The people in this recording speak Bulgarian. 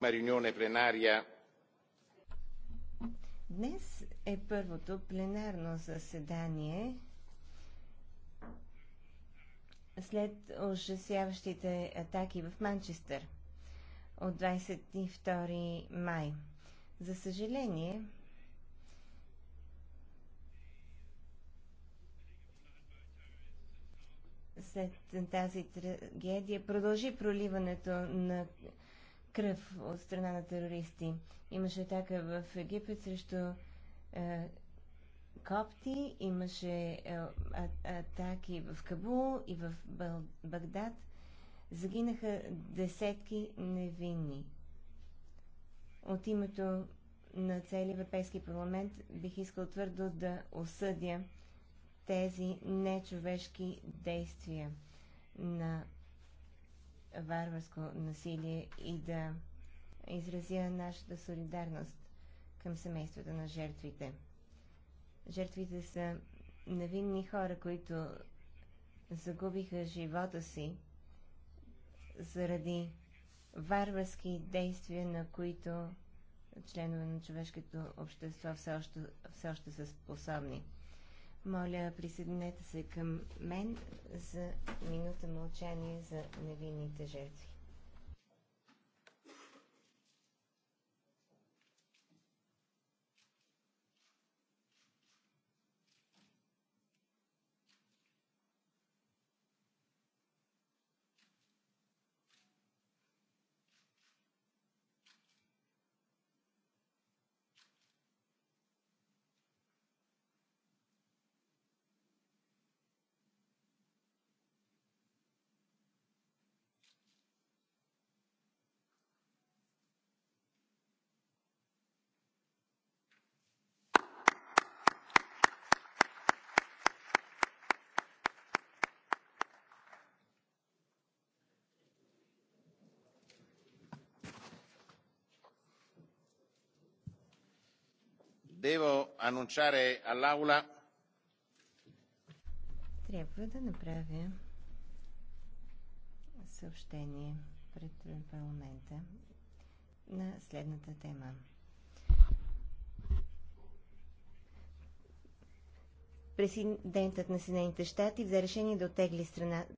riunione plenaria. Е Днес е първото пленарно заседание след ужасяващите атаки в Манчестър от 22 май. За съжаление, след тази трагедия продължи проливането на кръв от страна на терористи. Имаше атака в Египет срещу е, копти, имаше е, а, атаки в Кабул и в Бъл, Багдад. Загинаха десетки невинни. От името на целия Европейски парламент бих искал твърдо да осъдя тези нечовешки действия на варварско насилие и да изразя нашата солидарност към семействата на жертвите. Жертвите са невинни хора, които загубиха живота си заради варварски действия, на които членове на човешкото общество все още, все още са способни. Моля, присъединете се към мен за минута мълчание за невинните жертви. Devo annunciare all'Aula. Трябва да направя съобщение пред парламента на следната тема. Президентът на Съединените щати взе решение да оттегли страна